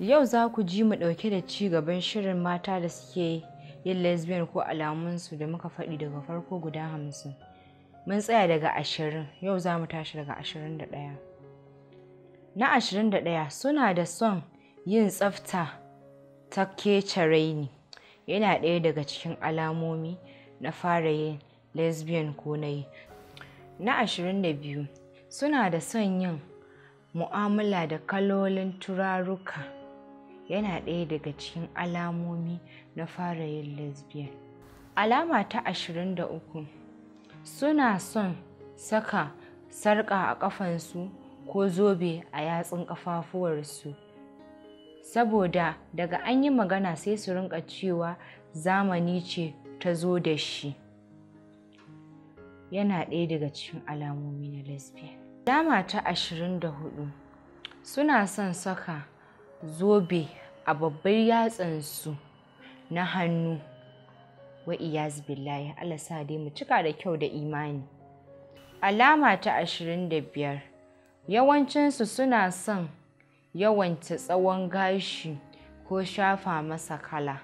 Yau za ku ji mu ɗauke da ci gaban shirin mata da suke yin lesbian ko alamunsu da muka faɗi daga farko guda hamsin. Mun tsaya daga ashirin, yau za mu tashi daga ashirin da ɗaya. Na ashirin da ɗaya suna da son yin tsafta ta kece raini. Yana ɗaya daga cikin alamomi na fara yin lesbian ko na yi. Na ashirin da biyu suna da son yin mu'amala da kalolin turaruka. yana ɗaya daga cikin alamomi na fara yin lesbian alama ta 23 suna son saka sarƙa a ƙafansu ko zobe a yatsun ƙafafuwarsu saboda daga an yi magana sai su rinka cewa zamani ce ta zo da shi yana ɗaya daga cikin alamomi na lesbian alama ta 24 suna son saka zobe a babbar yatsansu na hannu wa iyaz billahi Allah sa dai mu cika da kyau da imani alama ta ashirin biyar yawancinsu suna son yawanta tsawon gashi ko shafa masa kala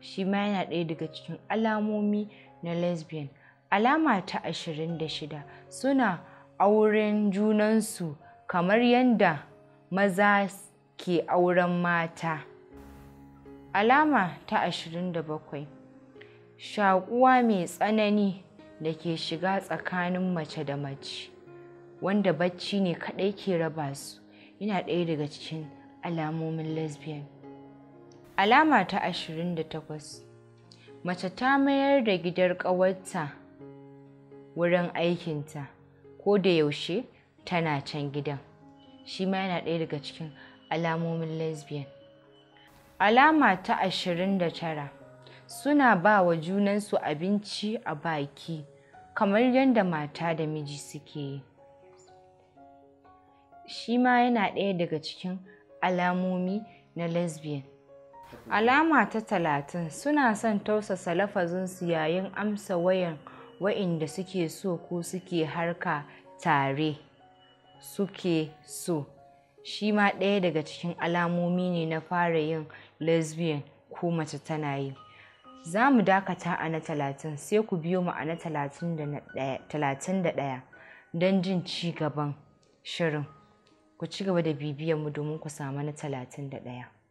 shi ma yana ɗaya daga cikin alamomi na lesbian alama ta ashirin shida suna auren junansu kamar yadda maza ke auren mata. Alama ta 27 Shaƙuwa mai tsanani da ke shiga tsakanin mace da mace, wanda bacci ne kaɗai ke raba su, yana ɗaya daga cikin alamomin lesbian. Alama ta 28 Mace ta mayar da gidar ƙawarta wurin aikinta, ko da yaushe tana can gidan. Shi ma yana ɗaya daga cikin alamomin lesbian alama ta ashirin da tara suna ba wa junansu abinci a baki kamar yadda mata da miji suke yi shi ma yana ɗaya daga cikin alamomi na lesbian alama ta talatin suna son tausasa lafazinsu yayin amsa wayan wa'inda suke so ko suke harka tare suke so shi ma ɗaya daga cikin alamomi ne na fara yin lesbian ko mace tana yi za mu dakata a na talatin sai ku biyo mu a na talatin da ɗaya don jin ci gaban shirin ku ci gaba da bibiyan mu domin ku samu na talatin da ɗaya